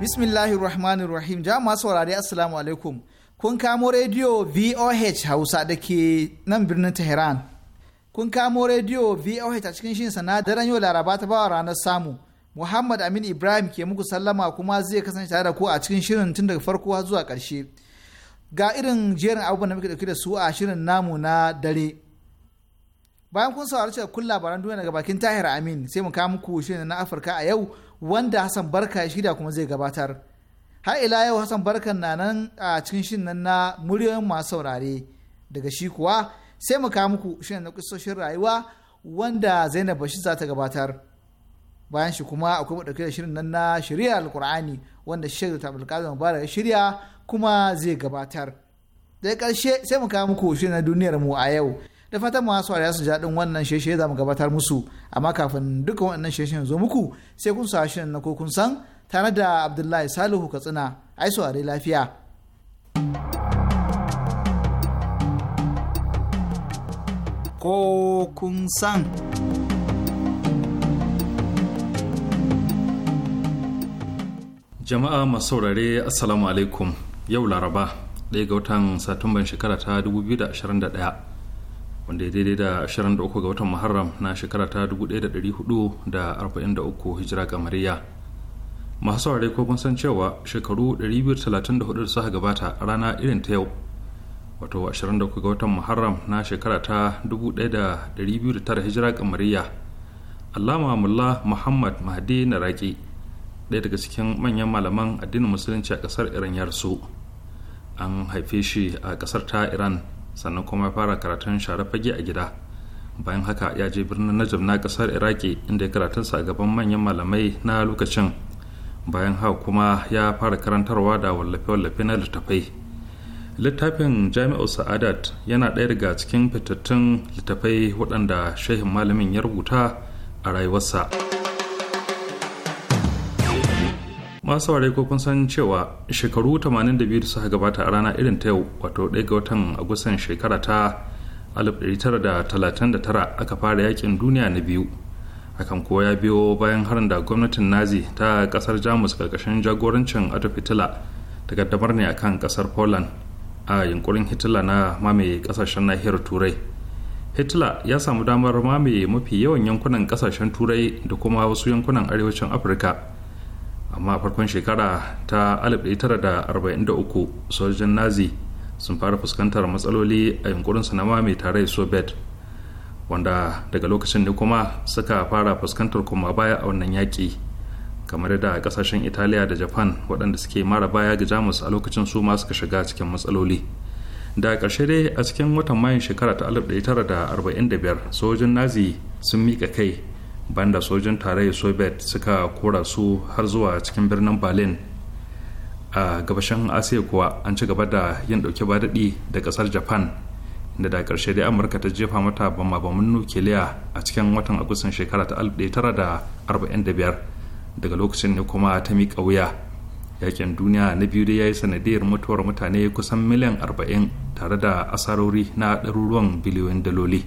Bismillahir Rahmanir Rahim. Jama'a saurari Assalamu alaikum. Kun kamo rediyo VOH Hausa da ke nan birnin Tehran. Kun kamo rediyo VOH a cikin shin sana daren yau Laraba ta bawa ranar samu. Muhammad Amin Ibrahim ke muku sallama kuma zai kasance tare da ku a cikin shirin tun daga farko har zuwa ƙarshe. Ga irin jerin abubuwan da muke dauke da su a shirin namu na dare. Bayan kun saurari cikakkun labaran duniya daga bakin Tahir Amin sai mu kawo muku shirin na Afirka a yau wanda Hassan Barka ya shirya kuma zai gabatar. Har ila yau Hassan Barka na nan a cikin shin nan na muryoyin masu saurare. Daga shi kuwa sai mu kawo muku shirin na kusoshin rayuwa wanda Zainab Bashir za ta gabatar. Bayan shi kuma akwai ɗauke da shirin nan na shirya Alkur'ani wanda Sheikh Dr. Abdulkadir Mubarak ya shirya kuma zai gabatar. Daga ƙarshe sai mu kawo muku shirin na duniyar mu a yau. da fatan masu sun su daɗin wannan sheshe za mu gabatar musu amma kafin duka wannan sheshen zo muku sai kun sa shirin na kun san tare da abdullahi salihu katsina ai su are lafiya. Ko kun san. Jama'a masu saurare Assalamu alaikum yau Laraba ɗaya ga watan Satumban shekara ta 2021 wanda ya daidai da 23 ga watan muharram na shekara ta 1443 hijira kamariya masu saurare ko kun san cewa shekaru 234 da suka gabata a rana irin ta yau wato 23 ga watan muharram na shekara ta 1209 hijira kamariya allama mullah muhammad mahdi naraki ɗaya daga cikin manyan malaman addinin musulunci a ƙasar iran ya rasu an haife shi a ƙasar ta iran sannan kuma ya fara karatun share fage a gida bayan haka ya je birnin najab na kasar iraki inda ya karatunsa a gaban manyan malamai na lokacin bayan haka kuma ya fara karantarwa da wallafe-wallafe na littafai littafin jami'ar sa'adat yana ɗaya daga cikin fitattun littafai waɗanda shehin malamin ya rubuta a rayuwarsa. masu ware ko kun san cewa shekaru 82 da suka gabata a rana irin ta yau wato ɗaya ga watan agustan shekara ta 1939 aka fara yakin duniya na biyu hakan kuwa ya biyo bayan harin da gwamnatin nazi ta kasar jamus karkashin jagorancin adolf hitler ta gaddamar ne akan kasar poland a yunkurin hitler na mamaye kasashen nahiyar turai hitler ya samu damar mamaye mafi yawan yankunan kasashen turai da kuma wasu yankunan arewacin afirka amma a farkon shekara ta 1943 sojojin nazi sun fara fuskantar matsaloli a yunkurin na mai tare soviet wanda daga lokacin ne kuma suka fara fuskantar kuma baya a wannan yaƙi kamar da kasashen italiya da japan waɗanda suke mara baya ga jamus a lokacin su ma suka shiga cikin matsaloli da ƙarshe dai a cikin watan mayun shekara ta 1945 sojojin nazi sun mika kai bayan da sojin tarayyar soviet suka kora su har zuwa cikin birnin berlin a gabashin asiya kuwa an ci gaba da yin dauke daɗi da kasar japan da da karshe da amurka ta jefa mata bamabamin nukiliya a cikin watan agustan shekara ta 1945 daga lokacin ne kuma ta miƙa wuya yakin duniya na biyu dai ya yi sanadiyar mutuwar mutane kusan miliyan 40 tare da asarori na ɗaruruwan biliyoyin daloli.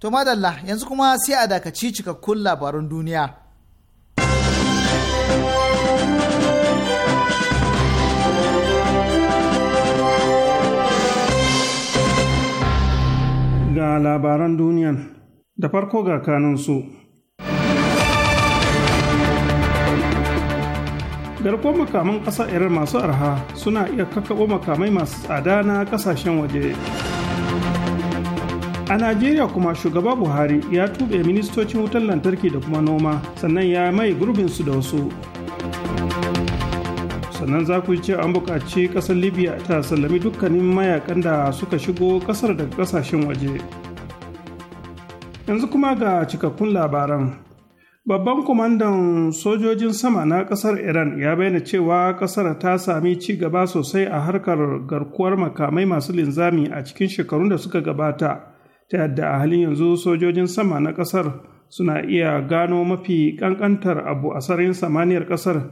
To madalla yanzu kuma sai a dakaci cikakkun labarun duniya. Ga labaran duniyan da farko ga kanunsu. Garkuwar makaman ƙasa irin masu arha suna iya kakaɓo makamai masu tsada na ƙasashen waje. a najeriya kuma shugaba buhari ya tuɓe ministocin wutar lantarki da kuma noma sannan ya mai gurbin su da wasu sannan za ku ce an buƙaci ƙasar libya ta sallami dukkanin mayakan da suka shigo ƙasar daga ƙasashen waje yanzu kuma ga cikakkun labaran babban kwamandan sojojin sama na ƙasar iran ya bayyana cewa ƙasar ta sami ci gaba sosai a harkar garkuwar makamai masu linzami a cikin shekarun da suka gabata ta yadda a halin yanzu sojojin sama na ƙasar suna iya gano mafi ƙanƙantar abu a sararin samaniyar ƙasar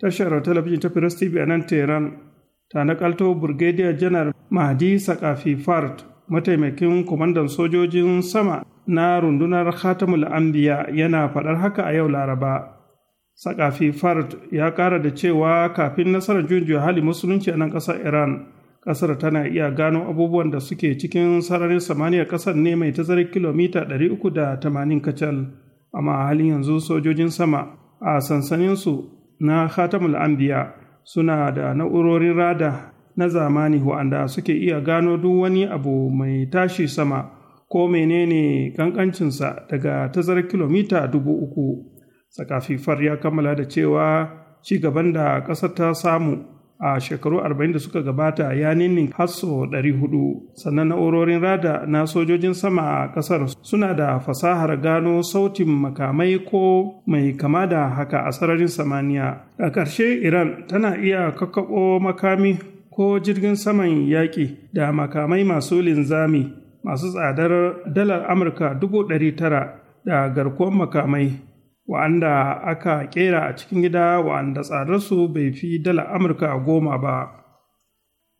tashar talabijin ta firas tv a nan tehran ta nakalto burgediya janar mahdi sakafi fart mataimakin kwamandan sojojin sama na rundunar khatamul anbiya yana faɗar haka a yau laraba sakafi fart ya ƙara da cewa kafin nasarar juyin hali musulunci a nan ƙasar iran ƙasar tana iya gano abubuwan da suke cikin sararin samaniyar ƙasar ne mai tazarar kilomita 380 kacal amma a halin yanzu sojojin sama a sansaninsu na khatamul anbiya suna da na'urorin rada na zamani wa'anda suke iya gano duk wani abu mai tashi sama ko menene kankancinsa daga tazarar kilomita dubu uku sakafifar ya kammala da cewa ci gaban da ƙasar ta samu a shekaru 40 da suka gabata ya ninnin hasso 400 sannan na'urorin rada na sojojin sama a kasar suna da fasahar gano sautin makamai ko mai kama da haka a sararin samaniya a ƙarshe iran tana iya kakkaɓo makami ko jirgin saman yaƙi da makamai masu linzami masu tsadar dalar amurka 900 da garkuwan makamai wa'anda aka kera a cikin gida wa'anda tsararsu bai fi dala amurka goma ba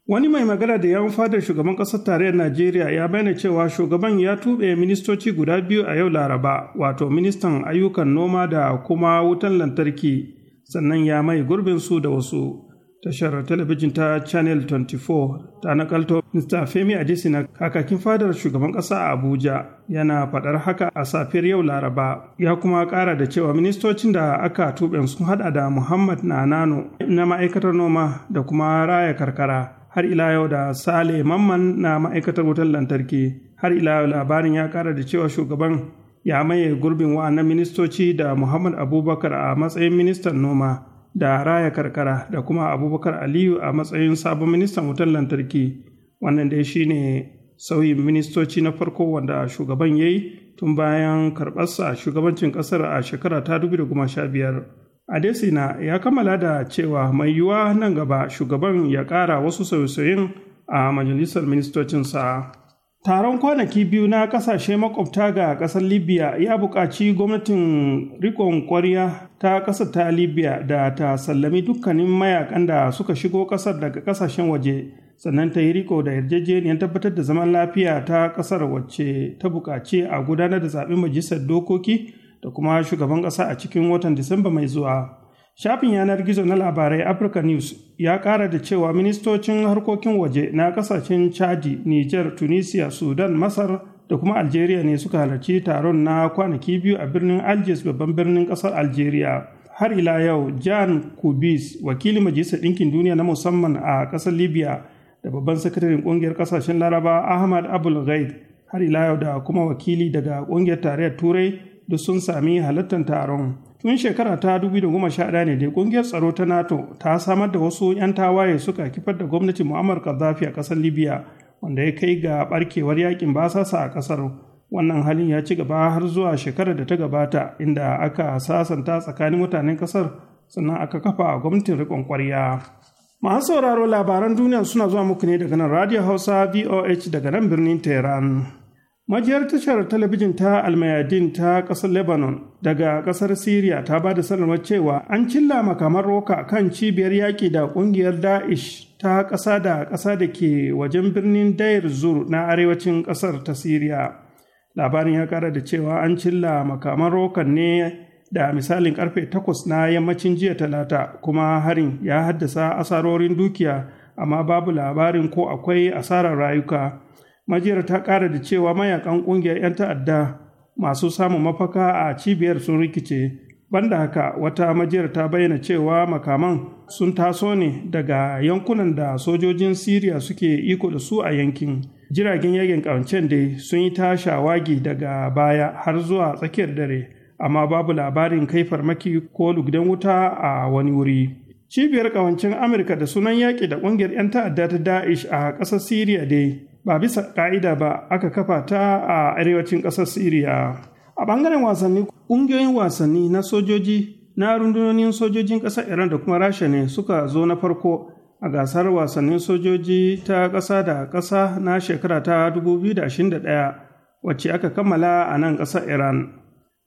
wani mai magana da yawon fadar shugaban ƙasar tarayyar najeriya ya bayyana cewa shugaban ya tuɓe ministoci guda biyu a yau laraba wato ministan ayyukan noma da kuma wutan lantarki sannan ya mai gurbin su da wasu Tashar talabijin ta Channel 24 ta nakalto Mr. Femi Adesina kakakin fadar shugaban ƙasa a Abuja yana faɗar haka a safiyar yau Laraba. Ya kuma kara da cewa ministocin da aka tuɓe sun haɗa da Muhammad na Nanano na ma'aikatar noma da kuma raya karkara. Har ila yau da Sale Mamman na ma'aikatar wutar lantarki. Har ila yau labarin ya kara da cewa shugaban ya maye gurbin wa'annan ministoci da Muhammad Abubakar a matsayin ministan noma. da raya karkara da kuma abubakar aliyu a matsayin sabon ministan wutar lantarki wannan dai shi ne sauyin ministoci na farko wanda shugaban ya yi tun bayan karɓarsa shugabancin ƙasar a shekara ta 2015 adesina ya kammala da cewa mai yiwuwa nan gaba shugaban ya ƙara wasu sauye-sauyen a majalisar ministocinsa taron kwanaki biyu na ƙasashe makwabta ga ƙasar libya ya buƙaci gwamnatin rikon kwariya ta ƙasar ta libya da ta sallami dukkanin mayakan da suka shigo ƙasar daga ƙasashen waje sannan ta yi riko da yarjejeniyar tabbatar da zaman lafiya ta ƙasar wacce ta buƙaci a gudanar da zaɓen majalisar dokoki da kuma shugaban ƙasa a cikin watan disamba mai zuwa shafin yanar gizo na labarai africa news ya ƙara da cewa ministocin harkokin waje na ƙasashen chadi niger tunisia sudan masar da kuma algeria ne suka halarci taron na kwanaki biyu a birnin algiers babban birnin kasar algeria har ila yau jan kubis wakili majalisar ɗinkin duniya na musamman a ƙasar libya da babban sakataren ƙungiyar ƙasashen laraba ahmad abul ghaid har ila yau da kuma wakili daga ƙungiyar tarayyar turai da sun sami halartar taron tun shekara ta 2011 ne da ƙungiyar tsaro ta nato ta samar da wasu 'yan tawaye suka kifar da gwamnatin muammar gaddafi a ƙasar libya wanda ya kai ga barkewar yakin basasa a ƙasar wannan halin ya ci gaba har zuwa shekarar da ta gabata inda aka sasanta tsakanin mutanen ƙasar sannan aka kafa a gwamnatin riƙon ƙwarya masu sauraro labaran duniya suna zuwa muku ne daga nan radio hausa voh daga nan birnin tehran majiyar tashar talabijin ta almayadin ta ƙasar lebanon daga ƙasar siriya ta ba da sanarwar cewa an cilla makamar roka kan cibiyar yaƙi da ƙungiyar da'ish ta ƙasa da ƙasa da ke wajen birnin dair zur na arewacin ƙasar ta siriya labarin ya ƙara da cewa an cilla makamar rokan ne da misalin karfe takwas na yammacin jiya talata kuma harin ya haddasa asarorin dukiya amma babu labarin ko akwai asarar rayuka majiyar ta kara da cewa mayakan kungiyar 'yan ta'adda masu samun mafaka a cibiyar sun rikice banda haka wata majiyar ta bayyana cewa makaman sun taso ne daga yankunan da sojojin siriya suke iko da su a yankin jiragen yagen ƙawancen dai sun yi ta shawagi daga baya har zuwa tsakiyar dare amma babu labarin kai farmaki ko lugdan wuta a wani wuri cibiyar ƙawancen amurka da sunan yaƙi da ƙungiyar 'yan ta'adda ta da'ish a ƙasar siriya dai ba bisa ƙa'ida ba aka kafa ta a arewacin ƙasar Siriya. A ɓangaren wasanni, ƙungiyoyin wasanni na sojoji na rundunonin sojojin ƙasar Iran da kuma Rasha ne suka zo na farko a gasar wasannin sojoji ta ƙasa da ƙasa na shekara ta 2021 wacce aka kammala a nan ƙasar Iran.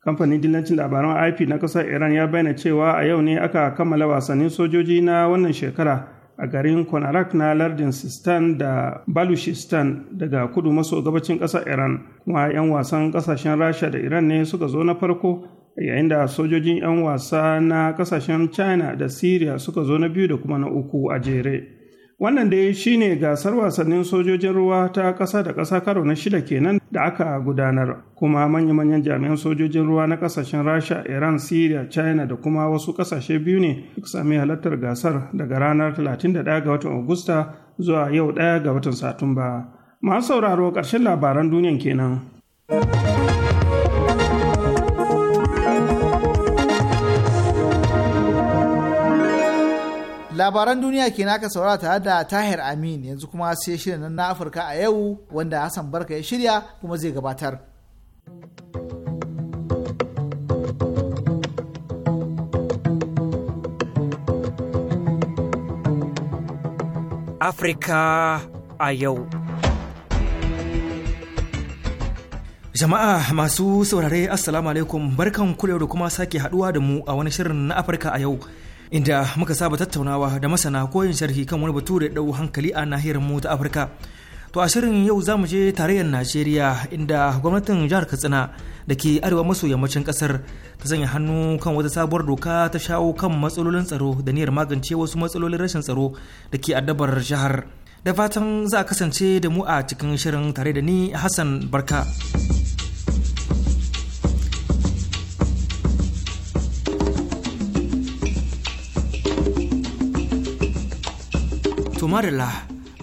Kamfanin dillancin labaran IP na ƙasar Iran ya bayyana cewa a yau ne aka kammala wasannin sojoji na wannan shekara. a garin Konarak na lardin Sistan da Balushistan daga kudu maso gabacin ƙasar Iran kuma 'yan wasan ƙasashen Rasha da Iran ne suka zo na farko yayin da sojojin 'yan wasa na ƙasashen China da Syria suka zo na biyu da kuma na uku a jere. Wannan dai ne gasar wasannin sojojin ruwa ta ƙasa da ƙasa karo na shida kenan da aka gudanar, kuma manya-manyan jami'an sojojin ruwa na ƙasashen Rasha, Iran, Syria, China da kuma wasu ƙasashe biyu ne suka sami halartar gasar daga ranar 31 ga watan Agusta zuwa yau 1 ga watan Satumba. Masu sauraro ƙarshen labaran duniyan kenan. labaran duniya ke naka saurara tare da tahir amin yanzu kuma sai shirin nan na afirka a yau wanda hassan barka ya shirya kuma zai gabatar afirka a yau Jama'a masu saurare Assalamu alaikum barkan kulewa da kuma sake haduwa da mu a wani shirin na Afirka a yau inda muka saba tattaunawa da masana ko yin sharhi kan wani batu da ɗau hankali a nahiyar mu ta Afirka. To a shirin yau za mu je tarayyar Najeriya inda gwamnatin jihar Katsina da ke arewa maso yammacin kasar ta sanya hannu kan wata sabuwar doka ta shawo kan matsalolin tsaro da niyyar magance wasu matsalolin rashin tsaro da ke addabar jihar. Da fatan za a kasance da mu a cikin shirin tare da ni Hassan Barka. To Marilla,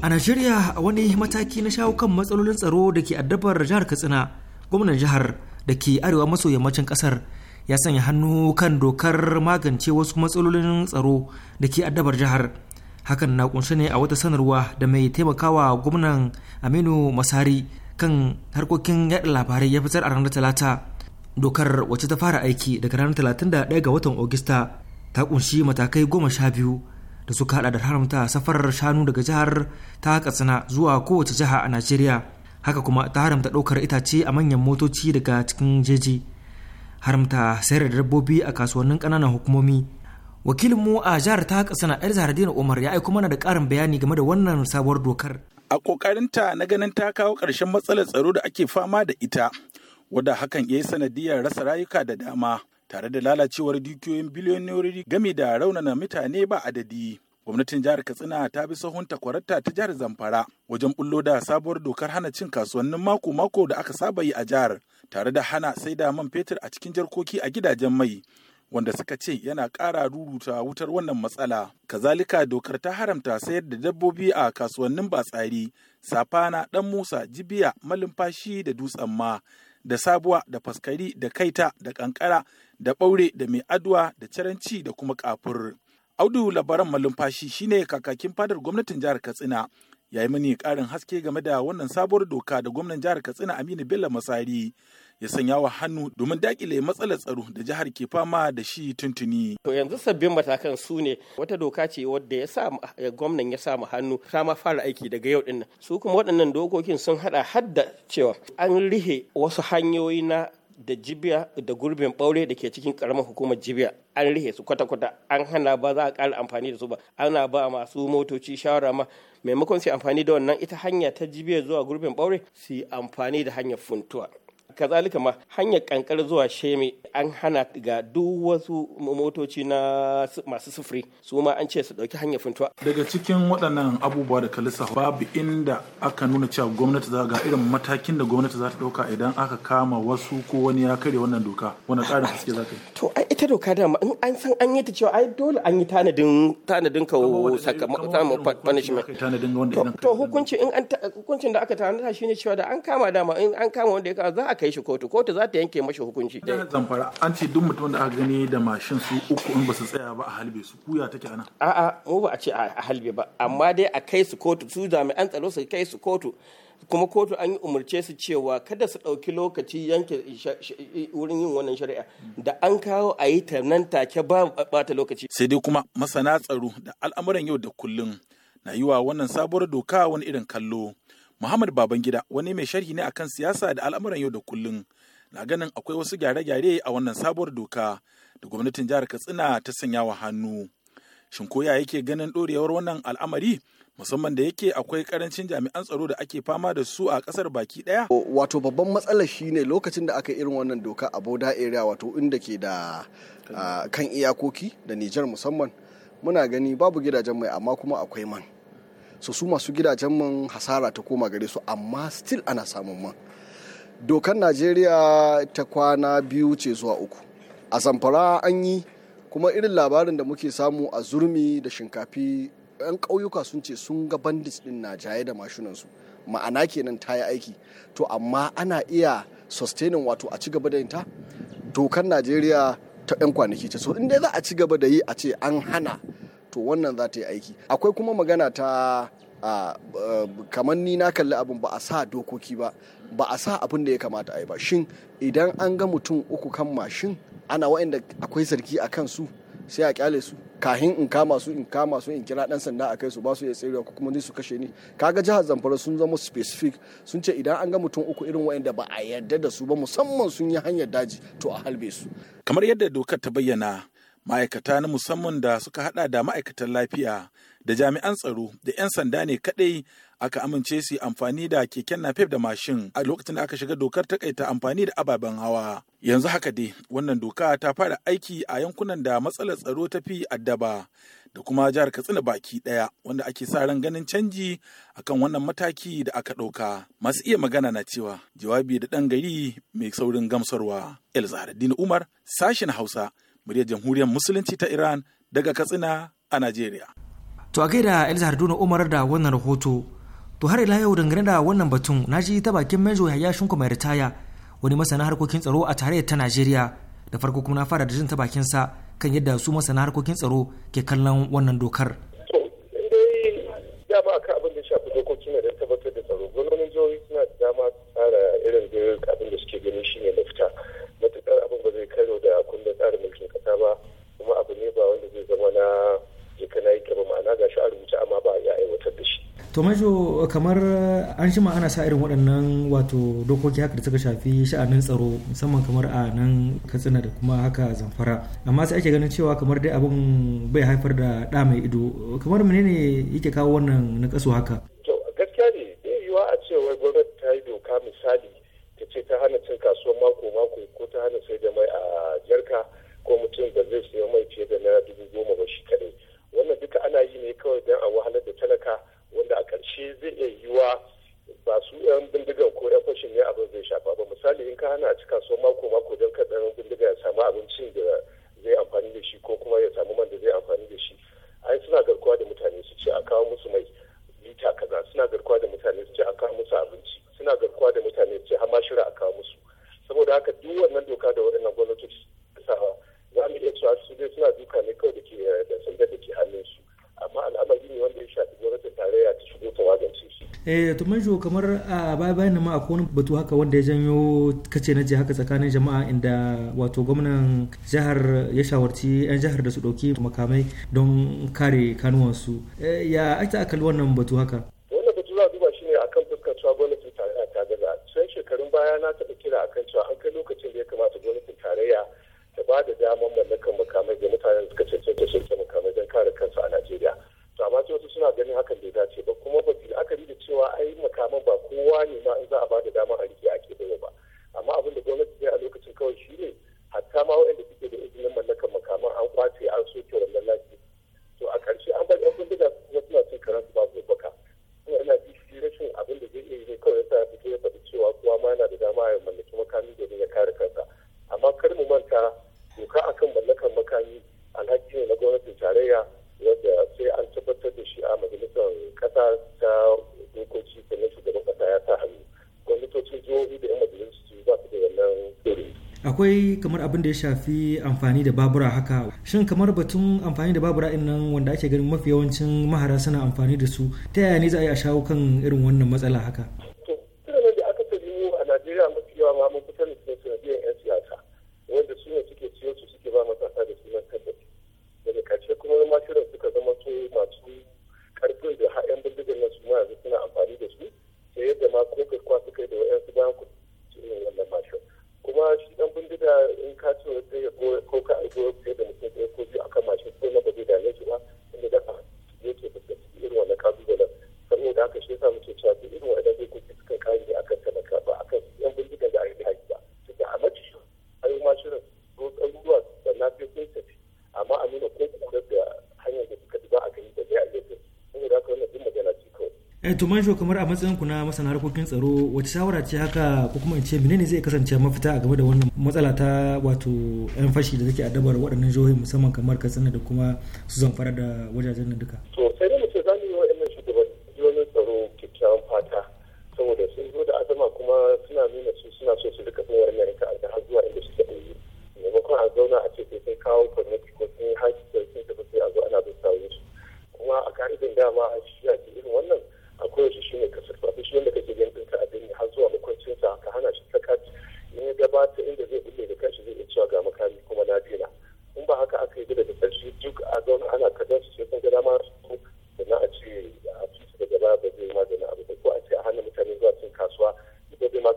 a Najeriya a wani mataki na shawo kan matsalolin tsaro da ke addabar jihar Katsina, gwamnan jihar da ke arewa maso yammacin kasar ya sanya hannu kan dokar magance wasu matsalolin tsaro da ke addabar jihar. Hakan na kunshi ne a wata sanarwa da mai taimakawa gwamnan Aminu Masari kan harkokin yaɗa labarai ya fitar a ranar Talata. Dokar wacce ta fara aiki daga ranar 31 ga watan Ogista ta kunshi matakai goma sha biyu da suka hada da haramta safarar shanu daga jihar ta katsina zuwa kowace jiha a najeriya haka kuma ta haramta ɗaukar itace a manyan motoci daga cikin jeji haramta sayar da dabbobi a kasuwannin kananan hukumomi wakilinmu a jihar ta katsina yar zahardina umar ya aiko mana da ƙarin bayani game da wannan sabuwar dokar a ta na ganin ta kawo karshen matsalar tsaro da ake fama da ita wadda hakan ya yi sanadiyar rasa rayuka da dama tare da lalacewar dukiyoyin biliyoyin game da raunana mutane ba adadi. gwamnatin jihar katsina ta bi sahun takwararta ta jihar zamfara wajen bullo da sabuwar dokar hana cin kasuwannin mako-mako da aka saba yi a jihar tare da hana sai da man fetur a cikin jarkoki a gidajen mai wanda suka ce yana ƙara ruruta wutar wannan matsala kazalika dokar ta haramta sayar da dabbobi a kasuwannin batsari safana Ɗan musa jibiya malumfashi da dutsen ma da sabuwa da faskari da kaita da kankara da ɓaure da mai aduwa da caranci da kuma kafur. Audu labaran malumfashi shine kakakin fadar gwamnatin jihar Katsina ya yi mini ƙarin haske game da wannan sabuwar doka da gwamnan jihar Katsina Aminu Bello Masari ya sanya wa hannu domin dakile matsalar tsaro da jihar ke fama da shi tuntuni. To yanzu sabbin matakan su ne wata doka ce wadda ya sa eh, gwamnan ya samu hannu ta ma fara aiki daga yau dinnan. Su kuma waɗannan dokokin sun haɗa hadda cewa an rihe wasu hanyoyi na da jibiya da gurbin ɓaure da ke cikin ƙaramar hukumar jibiya an rihe su kwata-kwata an hana ba za a ƙara amfani da su ba ana ba masu motoci shawara ma maimakon su amfani da wannan ita hanya ta jibiya zuwa gurbin ɓaure su amfani da hanyar funtuwa kazalika ma hanyar kankar zuwa sheme an hana ga duk wasu motoci na masu sufuri su ma an ce su dauki hanyar funtuwa daga cikin waɗannan abubuwa da kalisa babu inda aka nuna cewa gwamnati za ga irin matakin da gwamnati za ta dauka idan aka kama wasu ko wani ya karya wannan doka wannan tsarin haske za ka yi to ai ita doka dama in an san an yi ta cewa ai dole an yi tanadin tanadin ka sakamakon punishment to hukunci in an hukuncin da aka tanada shine cewa da an kama dama in an kama wanda ya za a kai shi kotu kotu za ta yanke mashi hukunci Da zamfara an ce duk mutum da aka gani da mashin su uku in ba su tsaya ba a halbe su kuya take ana a'a mu ba a ce a halbe ba amma dai a kai su kotu su jami'an tsaro su kai su kotu kuma kotu an yi umarce su cewa kada su ɗauki lokaci yanke wurin yin wannan shari'a da an kawo a yi ta nan take ba bata lokaci. sai dai kuma masana tsaro da al'amuran yau da kullum na yi wa wannan sabuwar doka wani irin kallo Muhammad Babangida wani mai sharhi ne akan siyasa da al'amuran yau da kullun na ganin akwai wasu gyare-gyare a wannan sabuwar doka da gwamnatin jihar Katsina ta sanya wa hannu. Shin koya yake ganin ɗorewar wannan al'amari musamman da yake akwai karancin jami'an tsaro da ake fama da su a kasar baki daya wato babban matsalar shi ne lokacin da aka irin wannan doka a boda area wato inda ke da ah, kan iyakoki da Nijar musamman muna gani babu gidajen mai amma kuma akwai man su su masu gidajen man hasara ta koma gare su amma still ana samun man dokar najeriya ta kwana biyu ce zuwa uku a zamfara an yi kuma irin labarin da muke samu a zurmi da shinkafi 'yan ƙauyuka sun ce sun ga bandits din na jaye da mashinansu ma'ana kenan ta yi aiki to amma ana iya sustaining wato a cigaba gaba da ta dokar najeriya ta 'yan kwanaki ce so in za a ci gaba da yi a ce an hana to wannan za ta yi aiki akwai kuma magana ta Uh, uh, kamar ni na kalli abin ba a sa dokoki ba ba a sa abin da ya kamata a yi ba shin idan an ga mutum uku kan mashin ana wa'anda akwai sarki a kansu sai a kyale su kahin in kama su in kama su in kira dan sanda a kai su ba su ya tsere ko kuma su kashe ni kaga jihar zamfara sun zama specific sun ce idan an ga mutum uku irin wa'anda ba a yarda da su ba musamman sun yi hanyar daji to a halbe su kamar yadda dokar ta bayyana ma'aikata na musamman da suka hada da ma'aikatan lafiya da jami'an tsaro da 'yan sanda ne kadai aka amince su amfani da keken nafef da mashin a lokacin da aka shiga dokar takaita amfani da ababen hawa yanzu haka dai wannan doka ta fara aiki a yankunan da matsalar tsaro ta fi addaba da kuma jihar katsina baki daya wanda ake sa ran ganin canji akan wannan mataki da aka ɗauka masu iya magana na cewa jawabi da ɗan gari mai saurin gamsarwa el umar sashen hausa muryar jamhuriyar musulunci ta iran daga katsina a najeriya to a gaida elisa haruna umar da wannan rahoto to har ila yau dangane da wannan batun na ji ta bakin mejo yaya shinku mai ritaya wani masana harkokin tsaro a tarayyar ta najeriya da farko kuma na fara da jin ta bakin sa kan yadda su masana harkokin tsaro ke kallon wannan dokar dama akan abin da shafi dokokin da tabbatar da tsaro gwamnatin jihohi suna da dama tsara irin abin da suke ganin shine na jika na yi kira ma'ana ga shi a rubuce amma ba ya aiwatar da shi. to majo kamar an shi ana sa irin waɗannan wato dokoki haka da suka shafi sha'anin tsaro musamman kamar a nan katsina da kuma haka zamfara amma sai ake ganin cewa kamar dai abin bai haifar da ɗa mai ido kamar menene yake kawo wannan na kaso haka. to gaskiya ne zai yiwa a cewa gwamnati ta yi doka misali ta ce ta hana cin kasuwar mako mako ko ta hana sai da jo kamar a baya bayan ma akwai wani batu haka wanda ya janyo kace na je haka tsakanin jama'a inda wato gwamnan jihar ya shawarci 'yan jihar da su ɗauki makamai don kare kanuwansu eh, ya ake akali wannan batu haka akwai kamar abin da ya shafi amfani da babura haka shin kamar batun amfani da babura din nan wanda ake ganin mafi yawancin mahara suna amfani da su ta yaya ne za a yi a shawo kan irin wannan matsala haka Eh, tumanjo kamar a matsayin ku na masana harkokin tsaro wace shawara ce haka ko kuma in ce menene zai kasance mafita a game da wannan matsala ta wato yan fashi da take addabar waɗannan jihohi musamman kamar katsina da kuma su zamfara da wajajen nan duka my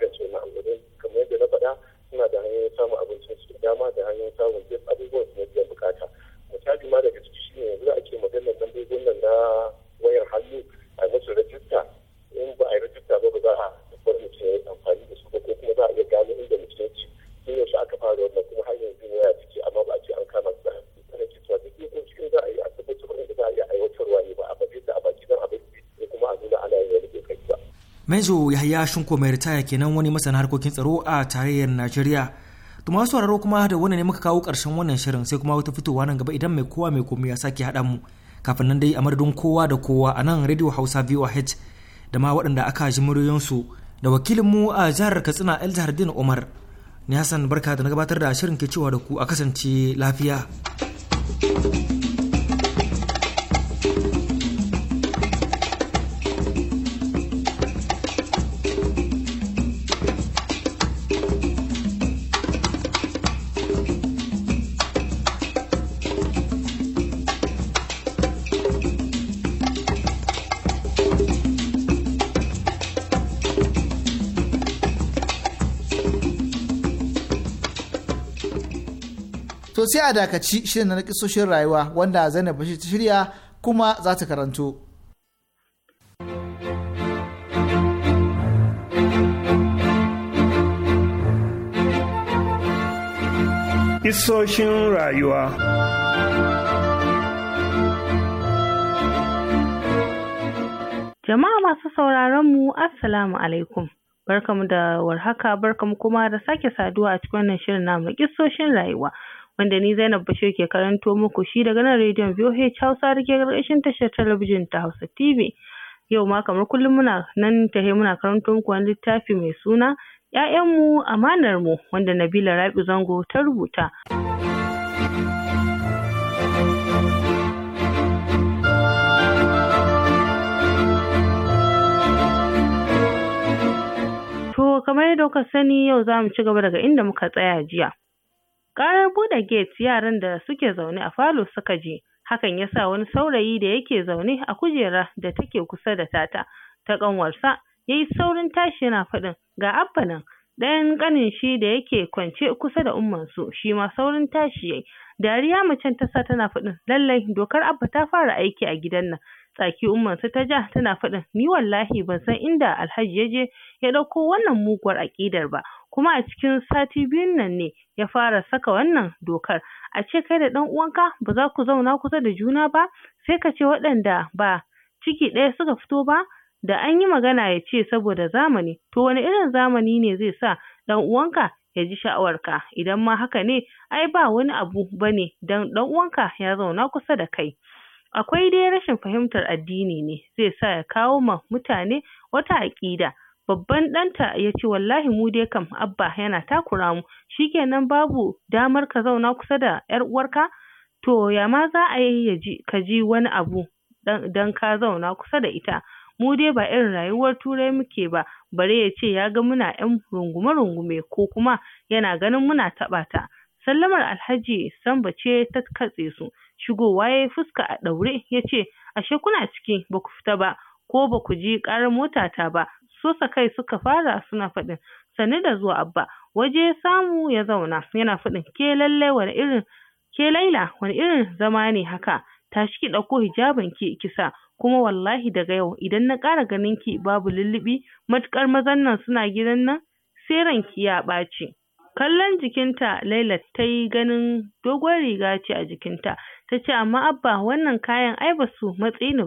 Mejo Yahaya Shinko mai ritaya kenan wani masana harkokin tsaro a tarayyar Najeriya. To masu sauraro kuma da wannan ne muka kawo ƙarshen wannan shirin sai kuma wata fitowa nan gaba idan mai kowa mai komai ya sake haɗa mu. Kafin nan dai a madadin kowa da kowa a nan Radio Hausa VOH da ma waɗanda aka ji muryoyinsu da wakilinmu a jihar Katsina Eldar Din Umar. Ni Hassan barka da na gabatar da shirin ke cewa da ku a kasance lafiya. sai a dakaci shirin na kisoshin rayuwa wanda zainab bashir ta shirya kuma za ta karanto. Isoshin rayuwa Jama'a masu sauraron mu Assalamu alaikum. Barkamu da warhaka, barkamu kuma da sake saduwa a cikin wannan shirin namu kisoshin rayuwa. wanda ni Zainab Bashir ke karanto muku shi daga nan rediyon VOH Hausa da ke ƙarƙashin tashar talabijin ta Hausa TV. Yau ma kamar kullum muna nan tahe muna karanto muku wani littafi mai suna ‘Ya'yanmu amanar mu wanda Nabila Rabi Zango ta rubuta. To kamar yadda kuka sani yau zamu mu ci gaba daga inda muka tsaya jiya. Karar buɗe gate yaran da suke zaune a falo suka je, hakan ya sa wani saurayi da yake zaune a kujera da take kusa da tata ta ƙanwarsa ya yi saurin tashi yana faɗin ga abba nan ɗayan ƙanin shi da yake kwance kusa da ummansu shi ma saurin tashi yayi dariya macen ta sa tana faɗin lallai dokar abba ta fara aiki a gidan nan tsaki ummansu ta ja tana faɗin ni wallahi ban san inda alhaji ya je ya ɗauko wannan muguwar aƙidar ba kuma a cikin sati biyun nan ne ya fara saka wannan dokar a ce kai da ɗan uwanka ba za ku zauna kusa da juna ba sai ka ce waɗanda ba ciki ɗaya suka fito ba da an yi magana ya ce saboda zamani to wani irin zamani ne zai sa ɗan uwanka ya ji sha'awarka idan ma haka ne ai ba wani abu bane dan ɗan uwanka ya zauna kusa da kai akwai dai rashin fahimtar addini ne zai sa ya kawo ma mutane wata aƙida Babban ɗanta ya ce wallahi mu dai kam Abba yana takura mu, shi kenan babu damar ka zauna kusa da 'yar uwarka? To ya ma za a yi ka ji wani abu dan ka zauna kusa da ita? Mu dai ba irin rayuwar Turai muke ba, bare ya ce ya ga muna 'yan rungume-rungume ko kuma yana ganin muna taɓa ta. Sallamar Alhaji Samba ce ta katse su, shigowa ya fuska a ɗaure ya ce, Ashe kuna ciki ba ku fita ba, ko ba ku ji ƙarar motata ba, sosa kai suka fara suna faɗin sani da zuwa abba waje ya samu ya zauna yana faɗin ke lallai wani irin ke laila wani irin zama ne haka tashi ki ɗauko hijabin ki kisa kuma wallahi daga yau idan na ƙara ganin ki babu lullubi matuƙar mazan nan suna gidan nan sai ranki ya ɓaci kallon jikinta laila ta yi ganin dogon riga ce a jikinta ta ce amma abba wannan kayan ai ba su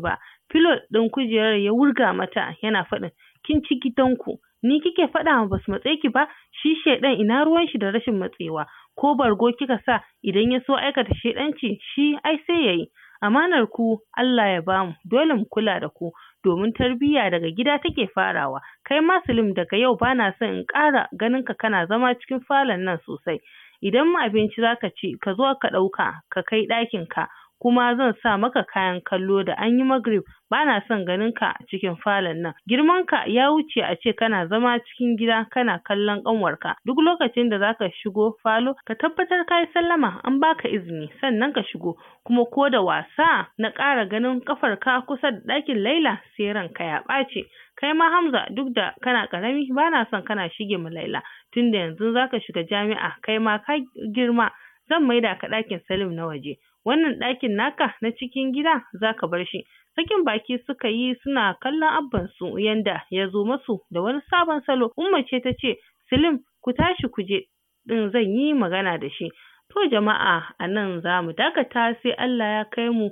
ba filo ɗin kujerar ya wurga mata yana faɗin kin ci gidanku ni kike faɗa ma basu matse ki ba shi shaidan ina ruwan shi da rashin matsewa ko bargo kika sa idan ya so aikata shaidanci shi ai sai yayi amanar ku Allah ya bamu dole mu kula da ku domin tarbiyya daga gida take farawa kai ma Salim daga yau bana son in ƙara ganin ka kana zama cikin falon nan sosai idan ma abinci zaka ci ka zo ka ɗauka ka kai ɗakin ka kuma zan sa maka kayan kallo da an yi magrib bana son ganin ka cikin falon nan girman ka ya wuce a ce kana zama cikin gida kana kallon kanwarka duk lokacin da zaka shigo falo ka tabbatar ka yi sallama an baka izini sannan ka shigo kuma ko da wasa na ƙara ganin kafar ka kusa da ɗakin laila sai ranka ya ɓace kai ma Hamza duk da kana karami bana son kana shige mu Laila tunda yanzu zaka shiga jami'a kai ma ka girma zan maida ka ɗakin Salim na waje wannan ɗakin naka na cikin gida zaka ka bar shi sakin baki suka yi suna kallon abban su yanda ya zo masu da wani sabon salo umma ce ta ce "Silim, ku tashi ku je din zan yi magana da shi to jama'a a nan za mu dakata sai Allah ya kai mu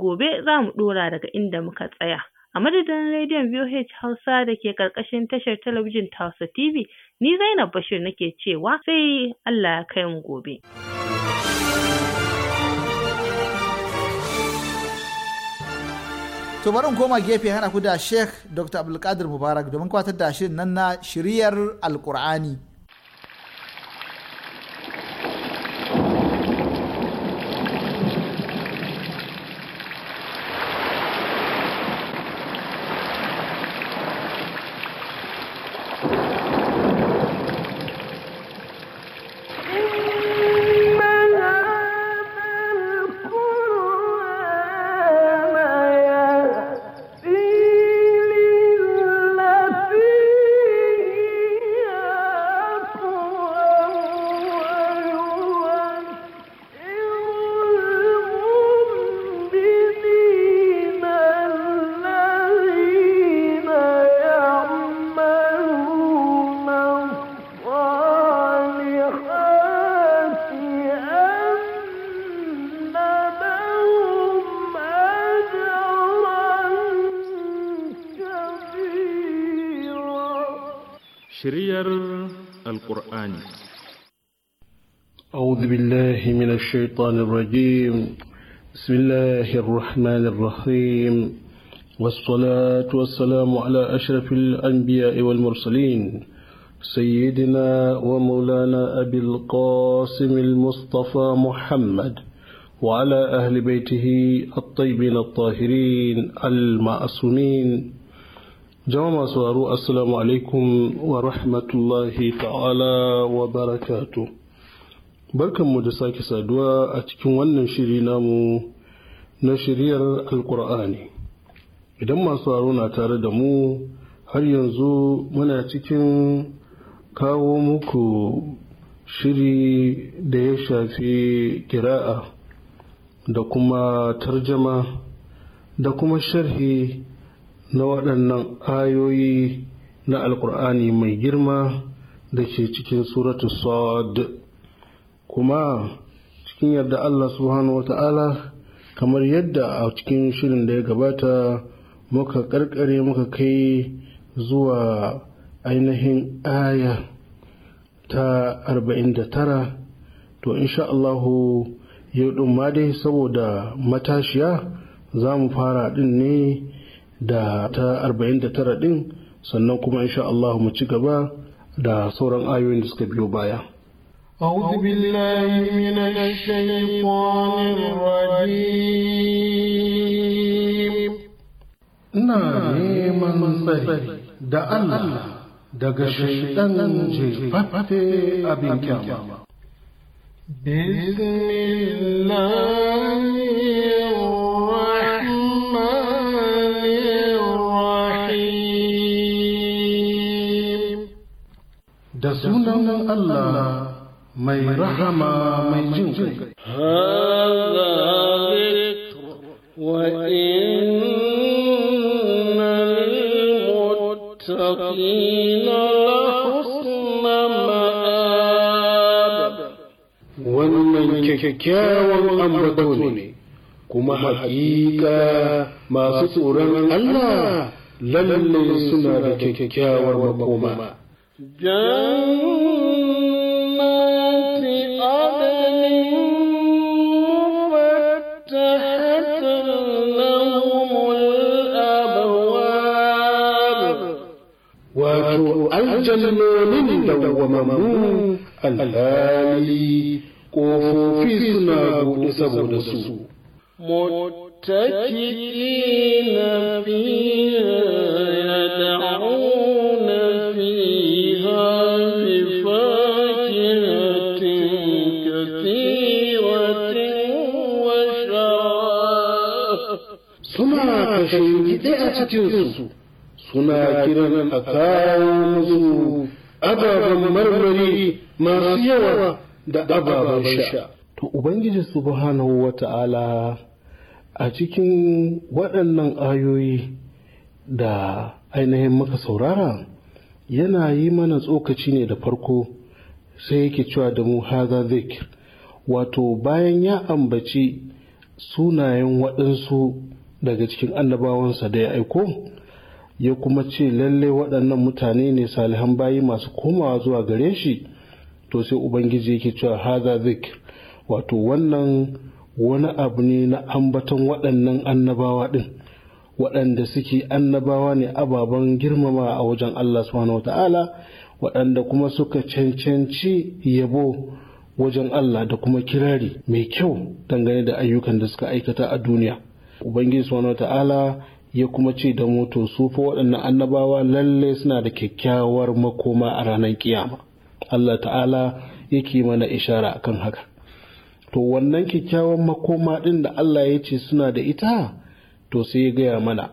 gobe za mu ɗora daga inda muka tsaya a madadin rediyon VOH Hausa da ke ƙarƙashin tashar talabijin ta TV, ni Zainab Bashir nake cewa sai Allah ya kai mu gobe. to bari koma gefe hana ku da sheikh dr abdulkadir mubarak domin kwatar da shirin nan na shiriyar alkur'ani بالله من الشيطان الرجيم بسم الله الرحمن الرحيم والصلاة والسلام على أشرف الأنبياء والمرسلين سيدنا ومولانا أبي القاسم المصطفى محمد وعلى أهل بيته الطيبين الطاهرين المعصومين جمع سوارو السلام عليكم ورحمة الله تعالى وبركاته Barkanmu da sake saduwa a cikin wannan shiri namu na shiryar alkur'ani Idan masu haro na tare da mu har yanzu muna cikin kawo muku shiri da ya shafi kira'a da kuma tarjama da kuma sharhi na waɗannan ayoyi na alkur'ani mai girma da ke cikin suratu sa'ad kuma cikin yarda Allah subhanahu ta'ala kamar yadda a cikin shirin da ya gabata muka karkare muka kai zuwa ainihin aya ta 49 to insha Allahu yau ma dai saboda matashiya za mu fara ɗin ne da ta 49 ɗin sannan kuma insha Allah mu ci gaba da sauran ayoyin da suka biyo baya. أعوذ بالله من الشيطان الرجيم إنا نيمان سهل دا الله دا شيطان جيفت أبي كاما بسم الله da sunan Allah mai rahama mai jin kai hadha dhikr wa innal muttaqina lahusna ma'ab wannan kyakkyawan ambato ne kuma hakika masu tsoron Allah lalle suna da kyakkyawar makoma. Jan wato aljannonin dawwamammu alhali ƙofofi suna buɗe saboda su. Muttaki'ina fiha ƙasashen ɗaya a cikinsu suna kiran a kawo musu ababen marmari masu yawa da ababen sha. To Ubangiji Subhanahu wa ta'ala a cikin waɗannan ayoyi da ainihin muka saurara yana yi mana tsokaci ne da farko sai yake cewa da mu haza zikir wato bayan ya ambaci sunayen waɗansu daga cikin annabawansa da ya aiko ya kuma ce lalle waɗannan mutane ne salihan bayi masu komawa zuwa gare shi to sai ubangiji yake cewa haza zik wato wannan wani abu ne na ambaton waɗannan annabawa ɗin waɗanda suke annabawa ne ababen girmama a wajen Allah subhanahu ta'ala waɗanda kuma suka cancanci yabo wajen Allah da kuma kirari mai kyau dangane da ayyukan da suka aikata a duniya. ubangiji subhanahu ta'ala ya kuma ce da moto su fa waɗannan annabawa lalle suna da kyakkyawar makoma a ranar kiyama Allah ta'ala yake mana ishara kan haka to wannan kyakkyawar makoma ɗin da Allah ya ce suna da ita to sai ya gaya mana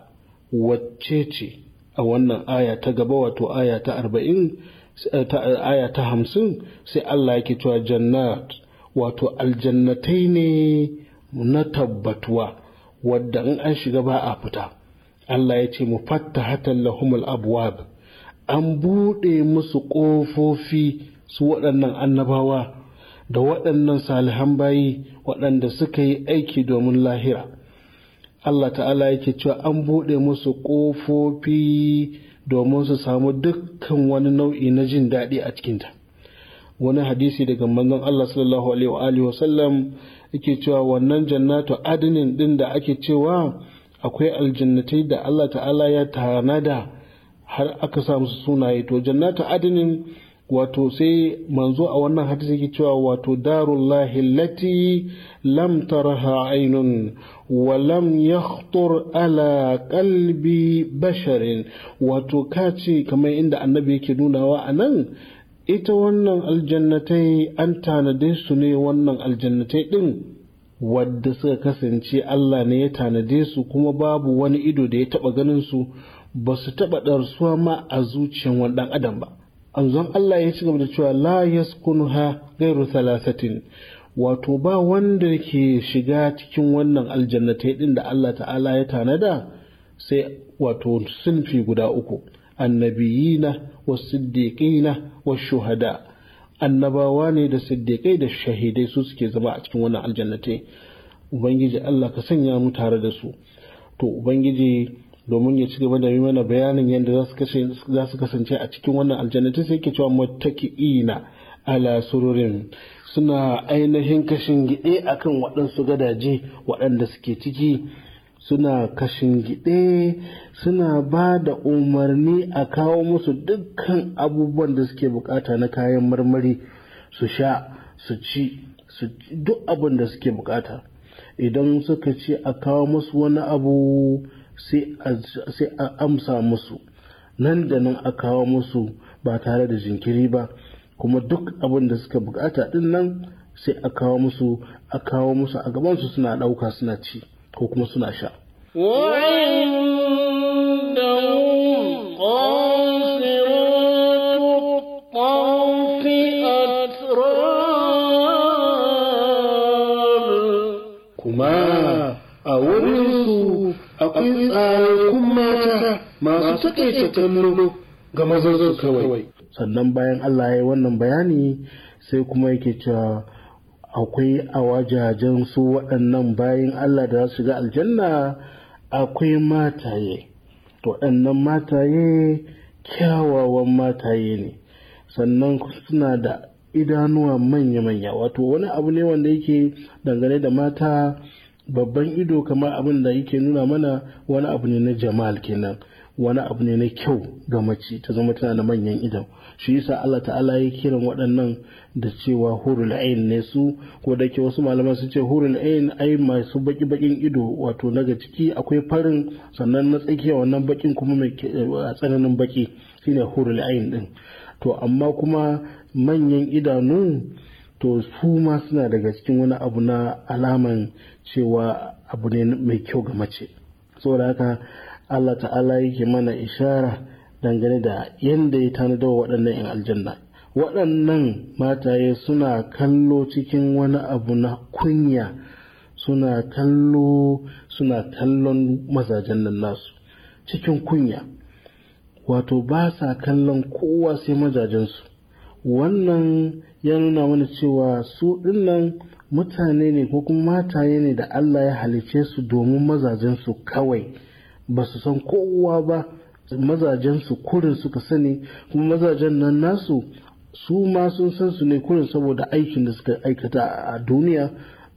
wacce ce a wannan aya ta gaba wato aya ta arba'in eh, eh, aya ta hamsin sai Allah yake cewa jannat wato aljannatai ne na tabbatuwa wadda in an shiga ba a fita Allah ya ce mu fatta hatan lahumul abwab an buɗe musu ƙofofi su waɗannan annabawa da waɗannan salihan bayi waɗanda suka yi aiki domin lahira Allah ta'ala yake cewa an buɗe musu ƙofofi domin su samu dukkan wani nau'i na jin daɗi a cikinta wani hadisi daga manzon Allah sallallahu alaihi wa sallam Ake cewa wannan jannatu adinin din da ake cewa akwai aljannatai da Allah ta'ala ya tanada har aka sa musu sunaye to jannatu adinin wato sai manzo a wannan hadisi yake cewa wato darullahi lati lam tarha ainun wa lam yakhtur ala qalbi basharin wato kace kamar inda annabi yake nunawa a nan ita wannan aljannatai an tanade su ne wannan aljannatai ɗin wadda suka kasance Allah ne ya tanade su kuma babu wani ido da ya taɓa ganin su ba su taɓa ɗarsuwa ma a zuciyan wannan adam ba. Anzon Allah ya ci gaba da cewa la ha gairu salasatin wato ba wanda ke shiga cikin wannan aljannatai ɗin da Allah ta'ala ya tanada sai wato sunfi guda uku annabiyina wasiddiqina washuhada annabawa ne da siddiqai da shahidai su suke zama a cikin wannan aljannatai ubangiji Allah ka sanya mu tare da su to ubangiji domin ya ci gaba da yi mana bayanin yadda za su kasance a cikin wannan aljannatai sai ke cewa mutaki'ina ala sururin suna ainihin kashin giɗe akan waɗansu gadaje waɗanda suke ciki suna kashin gide suna ba da umarni a kawo musu dukkan abubuwan da suke bukata na kayan marmari su sha su ci su duk abin da suke bukata idan suka ce a kawo musu wani abu sai a amsa musu nan da nan a kawo musu ba tare da jinkiri ba kuma duk abin da suka bukata din nan sai a kawo musu a kawo musu a gabansu suna ɗauka suna ci. ko kuma suna sha kuma a wurinsu akwai tsararrun mata masu taƙaita kallo ga mazansu kawai sannan bayan Allah ya yi wannan bayani sai kuma yake cewa akwai a wajajen su waɗannan bayan Allah da za su shiga aljanna akwai mataye waɗannan mataye kyawawan mataye ne sannan suna da idanuwa manya-manya wato wani abu ne wanda yake dangane da mata babban ido kamar abin da yake nuna mana wani abu ne na jamal kenan wani abu ne na kyau ga mace ta zama tana da manyan ido shi yasa Allah ta'ala ya kiran waɗannan da cewa hurul ain ne su ko da ke wasu malaman sun ce hurul ain ai masu baki bakin ido wato daga ciki akwai farin sannan na tsakiya wannan bakin kuma mai eh, tsananin baki shine hurul ain din to amma kuma manyan idanu to su ma suna daga cikin wani abu na alaman cewa abu ne mai kyau ga mace saboda haka Allah ta'ala yake mana ishara dangane da yadda ya tanadar waɗannan 'yan aljanna waɗannan mataye suna kallo cikin wani abu na kunya suna kallo suna kallon mazajen nan nasu cikin kunya wato ba sa kallon kowa sai mazajensu wannan ya nuna mana cewa su dinnan mutane ne ko kuma mataye ne da Allah ya halice su domin mazajensu kawai ba su san kowa ba mazajensu kurin suka sani kuma mazajen nan nasu su ma sun san su ne kurin saboda aikin da suka aikata a duniya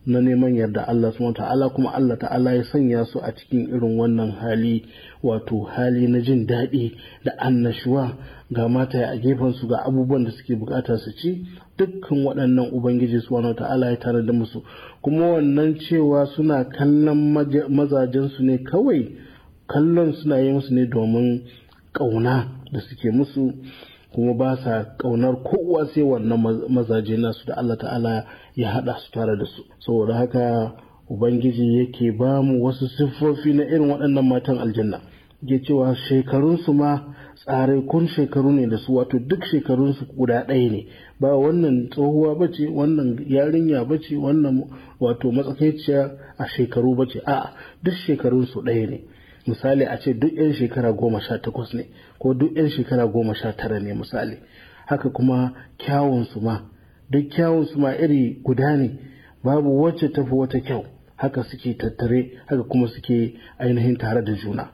na neman yarda Allah subhanahu ta'ala kuma Allah ta'ala ya sanya su a cikin irin wannan hali wato hali na jin daɗi da annashuwa ga mata a gefen su ga abubuwan da suke bukata su ci dukkan waɗannan ubangiji subhanahu ta'ala ya tare da musu kuma wannan cewa suna kallon mazajen su ne kawai kallon suna yi musu ne domin ƙauna da suke musu kuma ba sa ƙaunar kowa sai wannan mazaje nasu da Allah ta'ala ya haɗa su tare da su saboda haka ubangiji yake ba mu wasu siffofi na irin waɗannan matan aljanna ke cewa shekarunsu ma tsaraikun shekaru ne da su wato duk shekarunsu guda ɗaya ne ba wannan tsohuwa bace wannan yarinya bace wannan wato matsakaiciya a shekaru bace a'a duk shekarunsu ɗaya ne misali a ce duk 'yan shekara goma sha takwas ne ko duk 'yan shekara goma sha tara ne misali haka kuma kyawun su ma duk kyawun su ma iri guda ne babu wacce tafi wata kyau haka suke tattare haka kuma suke ainihin tare da juna.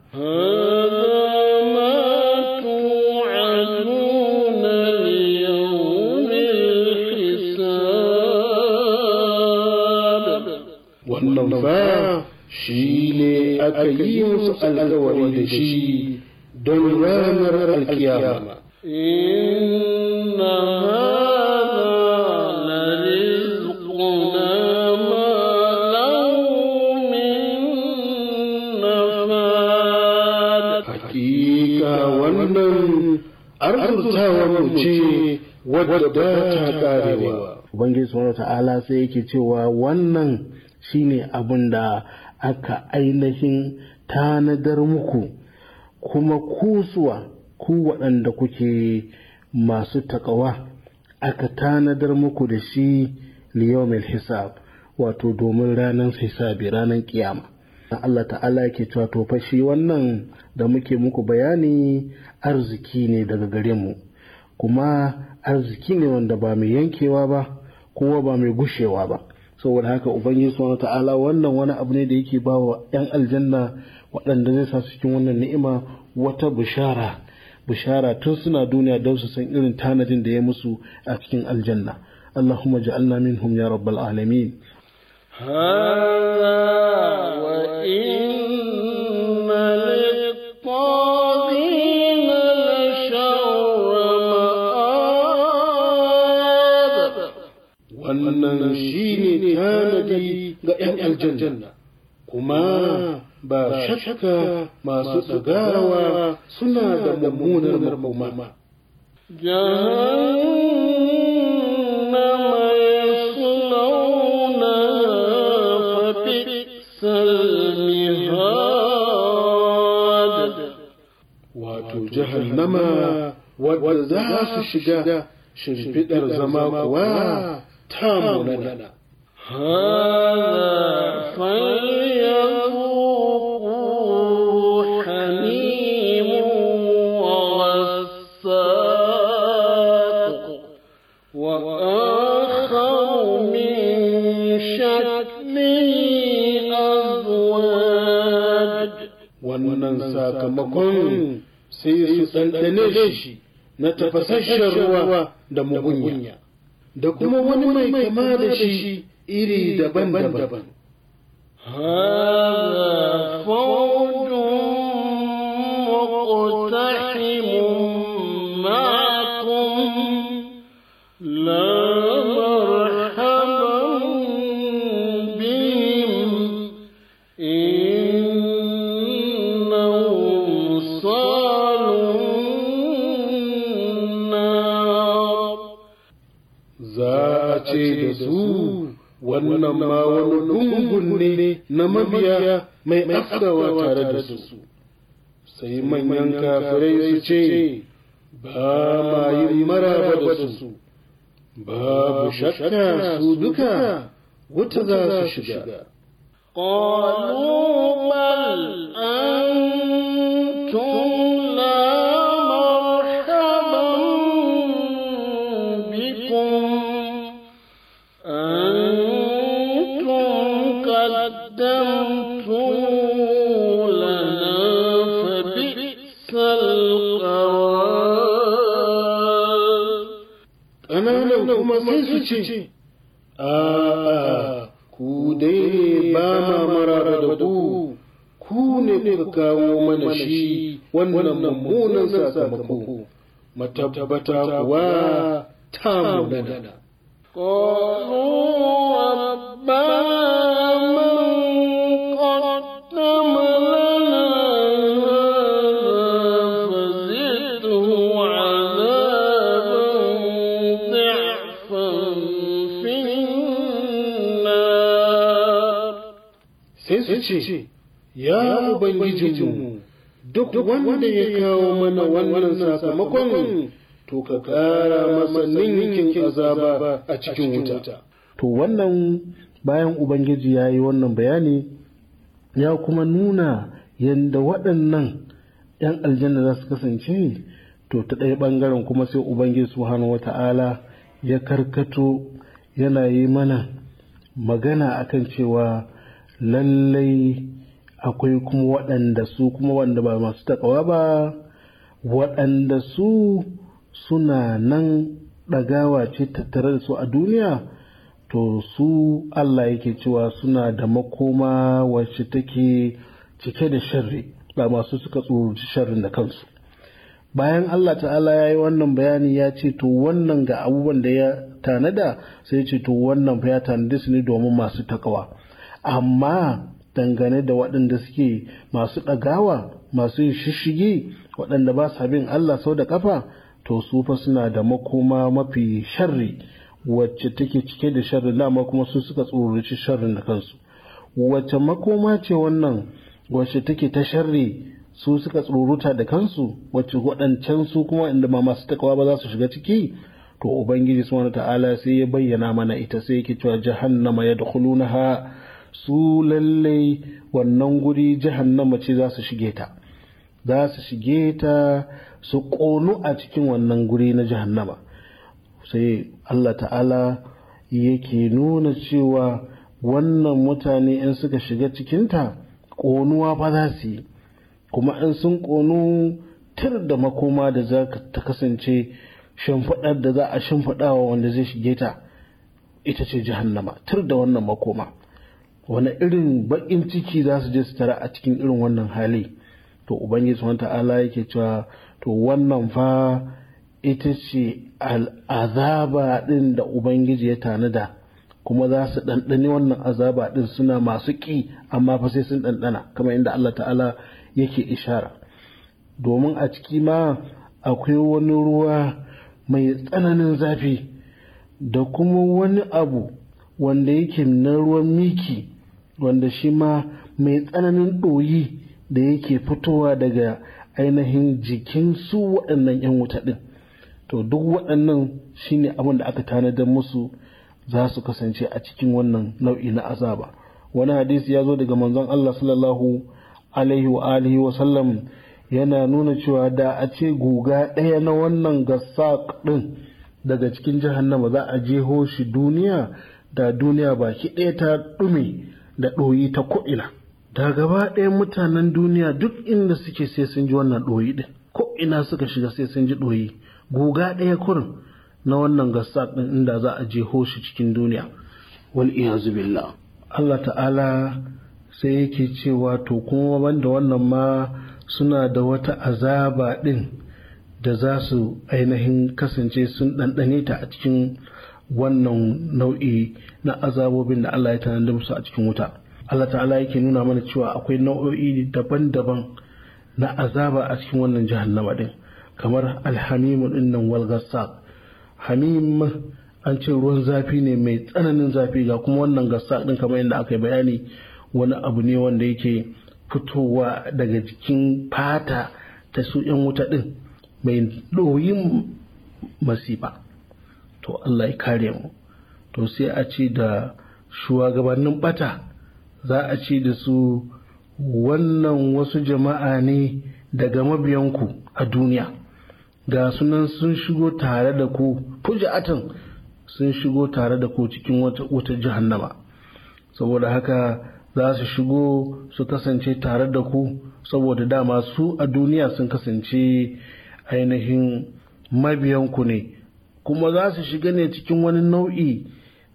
wannan ba. shi ne aka yi musu alkawari da shi don ranar alkiyama. Hakika wannan arzutawar mu ce wadda ta karewa. Ubangiji Subhanahu ta'ala sai yake cewa wannan shi ne abin da aka ainihin tanadar muku kuma kusuwa ku waɗanda kuke masu taƙawa aka tanadar muku da shi liyomil hisab wato domin ranar hisabi ranar kiyama Allah ta'ala ke cewa to fa shi wannan da muke muku bayani arziki ne daga gare mu kuma arziki ne wanda ba mai yankewa ba kuma ba mai gushewa ba saboda haka ubangiji subhanahu ta'ala wannan wani abu ne da yake ba wa 'yan aljanna waɗanda zai sa su cikin wannan ni'ima wata bishara bishara tun suna duniya don su san irin tanadin da ya musu a cikin aljanna allahumma ja'alna minhum ya rabbal alamin هذا وإن للطاغين خيانتي غير الجنة كما باشتك ما سدقاوا سنة دمون المرمومة جهنم يصلون فبئس المهاد واتو جهنم وداس الشجاة شجبت الزماق وا تامنا wannan sakamakon sai su ɗanɗane shi na tafasasshen ruwa da mugunya da kuma wani mai kama da shi iri daban-daban. Haza wannan ma wani gungun ne na mabiya mai afkawa tare da su sai manyan kafirai su ce ba ma yi maraba da su babu shakka su duka wuta za su shiga قالوا بل أنتم ce, A ku dai ba ma da ku, ku ne ku kawo mana shi wannan mummunan sakamako, matabbata kuwa ta munana. ce, Ya Ubangijinmu, duk wanda ya kawo mana wannan sakamakon to ka ƙara masa ninkin azaba a cikin wuta. To wannan bayan Ubangiji ya yi wannan bayani ya kuma nuna yadda waɗannan ‘yan aljanna za su kasance to ta ɗaya ɓangaren kuma sai Ubangiji Subhanahu wata'ala ya karkato yana yi mana magana akan cewa lallai akwai kuma waɗanda su kuma wanda ba masu takawa ba waɗanda su suna nan ɗagawa ce tattare da su a duniya to su Allah yake cewa suna da makoma wacce take cike da shirri. ba masu suka tsoronci sharrin da kansu bayan Allah ta'ala ya yi wannan bayani ya ce to wannan ga abubuwan da ya tanada sai ce to wannan ya tanadi su ne domin masu takawa amma dangane da waɗanda suke masu ɗagawa masu shishige waɗanda ba sa bin Allah sau da ƙafa to su fa suna da makoma mafi sharri wacce take cike da sharri lama kuma su suka tsoraci sharrin da kansu wacce makoma ce wannan wacce take ta sharri su suka tsoruta da kansu wacce waɗancan su kuma inda ma masu takawa ba za su shiga ciki to ubangiji subhanahu ta'ala sai ya bayyana mana ita sai yake cewa jahannama yadkhulunaha su lallai wannan guri jahannama ce za su shige ta za su shige ta su ƙonu a cikin wannan guri na jahannama sai Allah ta'ala yake nuna cewa wannan mutane in suka shiga cikinta ƙonuwa ba za su yi kuma in sun ƙonu tir da makoma da za ta kasance shimfiɗar da za a shimfiɗawa wanda zai shige ta ita ce jahannama tir da wannan makoma wani irin baƙin ciki za su je su tara a cikin irin wannan hali to ubangiji wani ta'ala yake cewa to wannan fa ita ce al'azaba ɗin da ubangiji ya tanada kuma za su ɗanɗani wannan azaba ɗin suna masu ƙi amma fa sai sun ɗanɗana kamar inda Allah ta'ala yake ishara domin a ciki ma akwai wani ruwa mai tsananin zafi da kuma wani abu wanda yake na ruwan miki wanda shi ma mai tsananin ɗoyi da yake fitowa daga ainihin jikin su waɗannan 'yan wuta ɗin to duk waɗannan shine abin da aka tanadar musu za su kasance a cikin wannan nau'i na azaba wani hadisi ya zo daga manzon Allah sallallahu alaihi wa alihi wa sallam yana nuna cewa da a ce guga ɗaya na wannan gasa ɗin daga cikin jahannama za a jeho shi duniya da duniya baki ɗaya ta ɗume da ɗoyi ta ko'ina da gaba ɗaya mutanen duniya duk inda suke sai sun ji wannan ɗoyi ɗin ko'ina suka shiga sai sun ji ɗoyi guga ɗaya kurin na wannan gasa ɗin inda za a je shi cikin duniya wal iyazu billah Allah ta'ala sai yake cewa to kuma banda wannan ma suna da wata azaba ɗin da za su ainihin kasance sun ɗanɗane ta a cikin wannan nau'i na azabobin da Allah ya tanada musu a cikin wuta Allah ta'ala yake nuna mana cewa akwai nau'o'i daban-daban na azaba a cikin wannan jahannama din kamar alhamimu nan wal gassaq hamim an ce ruwan zafi ne mai tsananin zafi ga kuma wannan gassaq din kamar yadda aka yi bayani wani abu ne wanda yake fitowa daga jikin fata ta su 'yan wuta din mai ɗoyin masifa to Allah ya kare mu to sai a ce da shugabannin bata za a ci da su wannan wasu jama'a ne daga mabiyanku a duniya ga sunan sun shigo tare da ku fuja'atan sun shigo tare da ku cikin wata jahannama saboda haka za su shigo su kasance tare da ku saboda dama su a duniya sun kasance ainihin mabiyanku ne kuma za su shiga ne cikin wani nau'i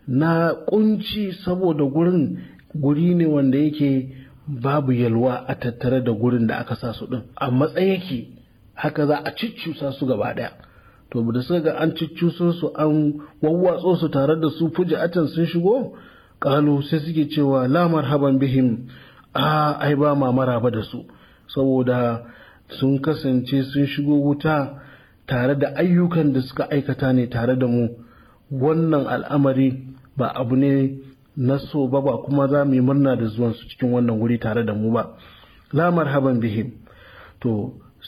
na kunci saboda gurin guri ne wanda yake babu yalwa a tattare da gurin da aka sa su din a matsayake haka za a ciccusa su gaba daya to da suka ga an ciccuso su an wawwatso su tare da su fuji'atan sun shigo kalu sai suke cewa la marhaban bihim a ai ba ma maraba da su saboda sun kasance sun shigo wuta tare da ayyukan da suka aikata ne tare da mu wannan al'amari ba abu ne na so ba ba kuma za mu yi murna da zuwan su cikin wannan wuri tare da mu ba la marhaban bihim to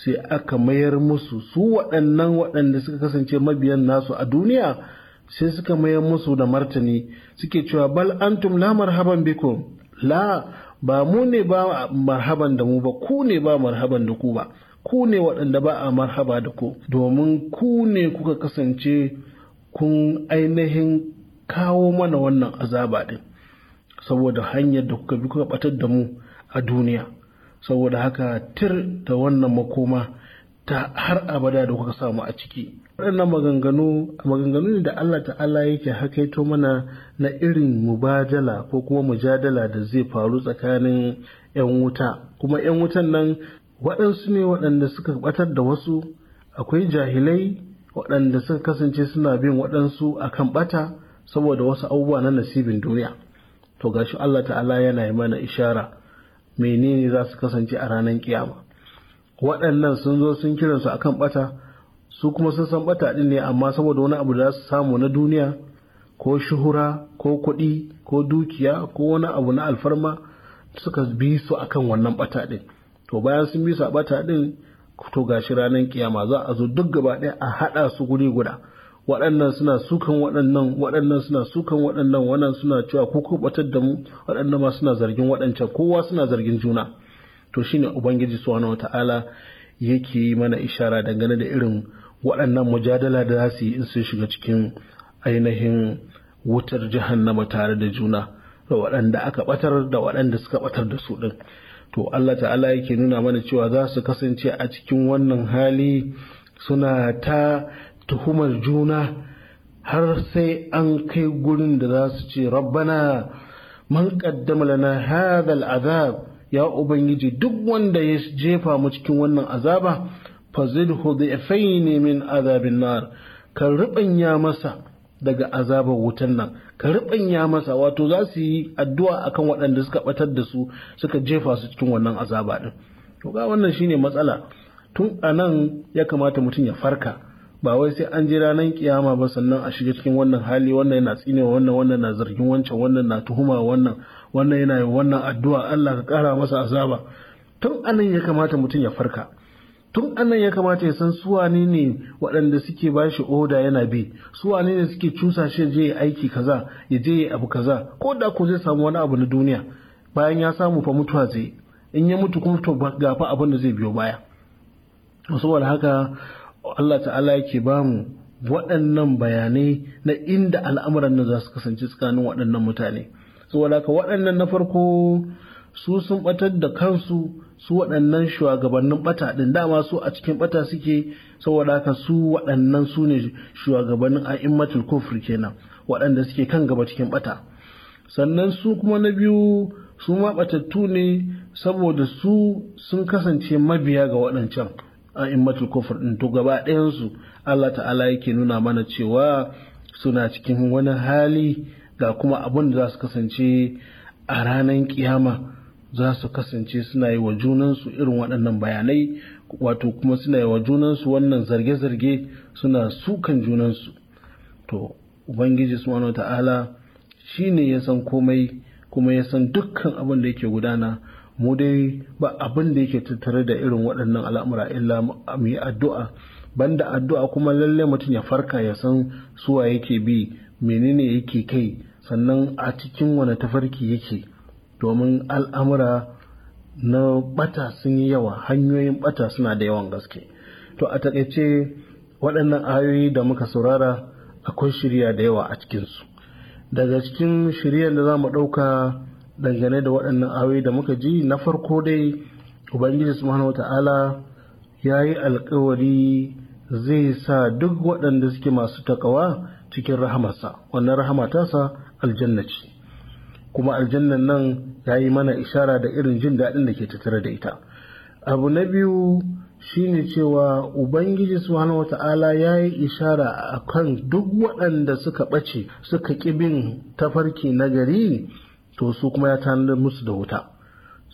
sai aka mayar musu su waɗannan waɗanda suka kasance mabiyan nasu a duniya sai suka mayar musu da martani suke cewa bal antum la marhaban bikum la ba mu ne ba marhaban da mu ba ku ne ba marhaban da ku ba ku ne waɗanda ba a marhaba da ku domin ku ne kuka kasance kun ainihin kawo mana wannan azaba ɗin saboda hanyar da kuka bi kuka ɓatar da mu a duniya saboda haka tir da wannan makoma ta har abada da kuka samu a ciki waɗannan maganganu maganganu ne da Allah ta'ala yake hakaito mana na irin mubajala ko kuma mujadala da zai faru tsakanin 'yan wuta kuma 'yan wutan nan waɗansu ne waɗanda suka ɓatar da wasu akwai jahilai waɗanda suka kasance suna bin waɗansu akan ɓata saboda wasu abubuwa na nasibin duniya to gashi Allah ta'ala yana yi mana ishara menene za su kasance a ranar kiyama waɗannan sun zo sun kiransu su akan ɓata su kuma sun san ɓata ɗin ne amma saboda wani abu da za su samu na duniya ko shuhura ko kuɗi ko dukiya ko wani abu na alfarma suka bi su akan wannan ɓata ɗin to bayan sun bi sabata din to gashi ranar kiyama za a zo duk gaba ɗaya a haɗa su guri guda waɗannan suna sukan waɗannan waɗannan suna sukan waɗannan wannan suna cewa ku batar da mu waɗannan ma suna zargin waɗancan kowa suna zargin juna to shine ubangiji subhanahu wata'ala yake yi mana ishara dangane da irin waɗannan mujadala da za su yi in sun shiga cikin ainihin wutar jahannama tare da juna da waɗanda aka ɓatar da waɗanda suka ɓatar da su ɗin to Allah ta'ala yake nuna mana cewa za su kasance a cikin wannan hali suna ta tuhumar juna har sai an kai gurin da za su ce rabbana man qaddama lana hadha al'azab ya ubangiji duk wanda ya jefa mu cikin wannan azaba fazidhu dhi'fayn min azabin nar ka riɓanya masa daga azabar wutan nan ka riɓanya masa wato za su yi addu'a a kan waɗanda suka ɓatar da su suka jefa su cikin wannan azaba ɗin to ga wannan shine matsala tun a nan ya kamata mutum ya farka ba wai sai an jira ranar kiyama ba sannan a shiga cikin wannan hali wannan yana tsinewa wannan wannan na zargin wancan wannan na tuhuma wannan wannan yana yin wannan addu'a Allah ka kara masa azaba tun anan ya kamata mutum ya farka tun anan ya kamata ya san suwane ne waɗanda suke ba shi oda yana bi suwane ne suke cusa shi je aiki kaza ya je abu kaza ko da ko zai samu wani abu na duniya bayan ya samu fa mutuwa zai in ya mutu kuma to ga fa abin da zai biyo baya saboda haka Allah ta'ala yake ba mu waɗannan bayanai na inda al'amuran nan za su kasance tsakanin waɗannan mutane saboda haka waɗannan na farko su sun batar da kansu su waɗannan shugabannin bata ɗin dama su a cikin bata suke saboda haka su waɗannan su ne shugabannin a'immatul kufri kenan waɗanda suke kan gaba cikin bata sannan su kuma na biyu su ma batattu ne saboda su sun kasance mabiya ga waɗancan a'immatul kufr ɗin to gaba ɗayansu Allah ta'ala yake nuna mana cewa suna cikin wani hali ga kuma abin da za su kasance a ranar kiyama za su kasance suna yi wa junansu irin waɗannan bayanai wato kuma suna yi wa junansu wannan zarge-zarge suna sukan junansu to ubangiji subhanahu ta'ala shi ne ya san komai kuma ya san dukkan abin da yake gudana mu dai ba abin da yake tattare da irin waɗannan al'amura illa mu yi addu'a banda addu'a kuma lalle mutum ya farka ya san suwa yake bi menene yake kai sannan a cikin wani tafarki yake domin al'amura na bata sun yi yawa hanyoyin bata suna da yawan gaske to a takaice waɗannan ayoyi da muka saurara akwai shirya da yawa a cikinsu daga cikin shiryar da za mu ɗauka dangane da waɗannan ayoyi da muka ji na farko dai ubangiji subhanahu wata'ala ya yi alkawari zai sa duk waɗanda suke masu takawa cikin rahamarsa wannan rahama tasa aljanna ce kuma aljannan nan ya yi mana ishara da irin jin daɗin da ke tattare da ita abu na biyu shine cewa ubangiji subhanahu wata'ala ya yi ishara a kan duk waɗanda suka ɓace suka ƙi bin tafarki na gari to su kuma ya tanar musu da wuta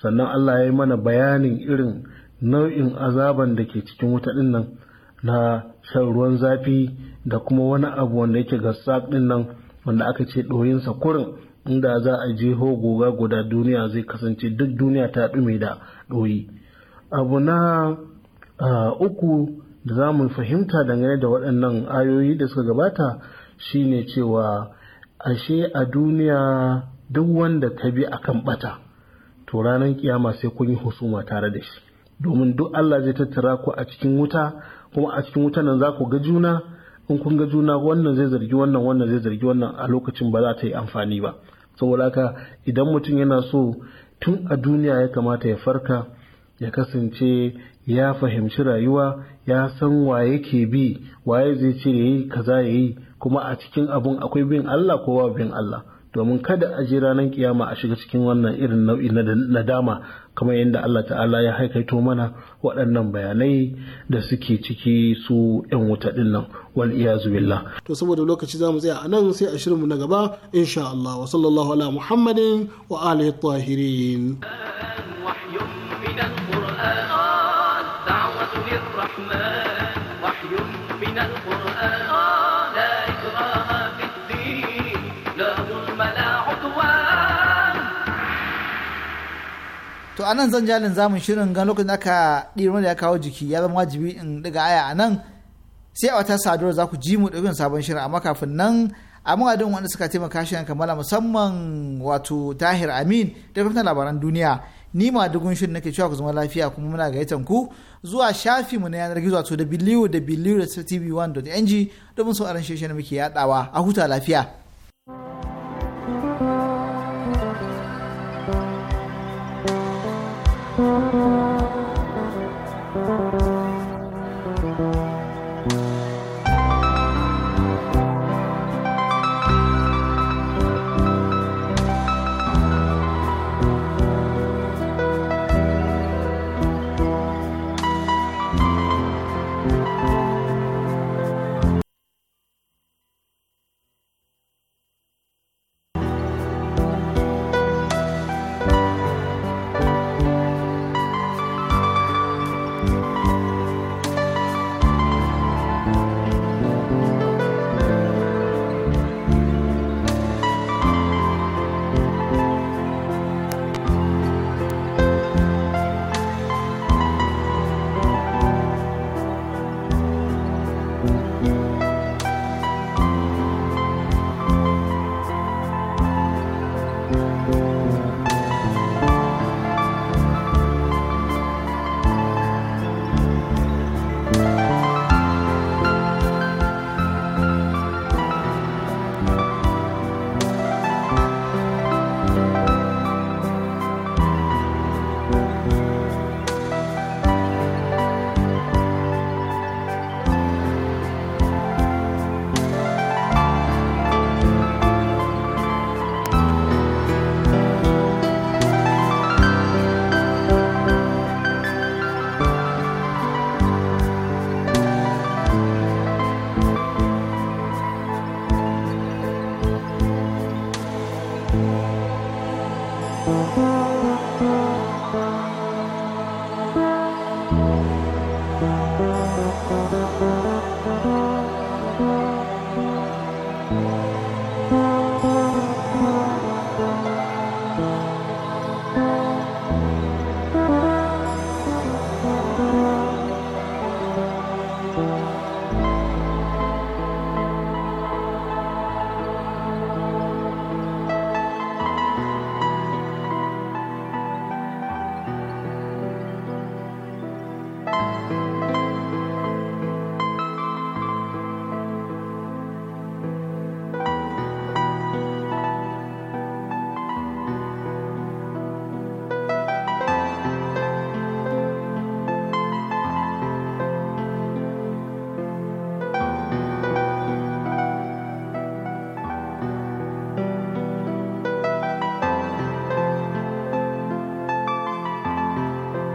sannan allah ya yi mana bayanin irin nau'in azaban da ke cikin wuta ɗin nan na shan ruwan zafi da kuma wani abu wanda yake gassak ɗin nan wanda aka ce ɗoyinsa kurin inda za a jeho goga guda duniya zai kasance duk duniya ta ɗume da ɗoyi abu na uku da za mu fahimta dangane da waɗannan ayoyi da suka gabata shine cewa ashe a duniya duk wanda ta bi akan bata to ranar kiyama sai kun yi husuma tare da shi domin duk Allah zai tattara ku a cikin wuta kuma a cikin wutan nan za ku ga juna in kun ga juna wannan zai zargi wannan wannan zai zargi wannan a lokacin ba za ta yi amfani ba saboda haka idan mutum yana so tun a duniya ya kamata ya farka ya kasance ya fahimci rayuwa ya san wa yake bi waye zai ce yayi kaza yayi kuma a cikin abun akwai bin Allah ko ba bin Allah domin kada a ji ranar kiyama a shiga cikin wannan irin nau'i na nadama kamar yadda Allah ta'ala ya haikaito mana waɗannan bayanai da suke ciki su 'yan wuta ɗin nan wal iyazu billah to saboda lokaci za mu tsaya a nan sai a shirinmu na gaba insha Allah wa sallallahu ala muhammadin wa alihi tahirin وحي من القرآن to anan zan jalin zamun shirin gan lokacin da aka ɗiro da ya kawo jiki ya zama wajibi in daga aya a nan sai a wata saduwar za ku ji mu ɗaukin sabon shirin amma kafin nan a muradin wanda suka taimaka shi kamala musamman wato tahir amin da kafin labaran duniya ni ma dugun shirin nake cewa ku zama lafiya kuma muna gayyatar ku zuwa shafi mu na yanar gizo wato www.tv1.ng domin sauran shirye-shiryen muke yadawa a huta lafiya.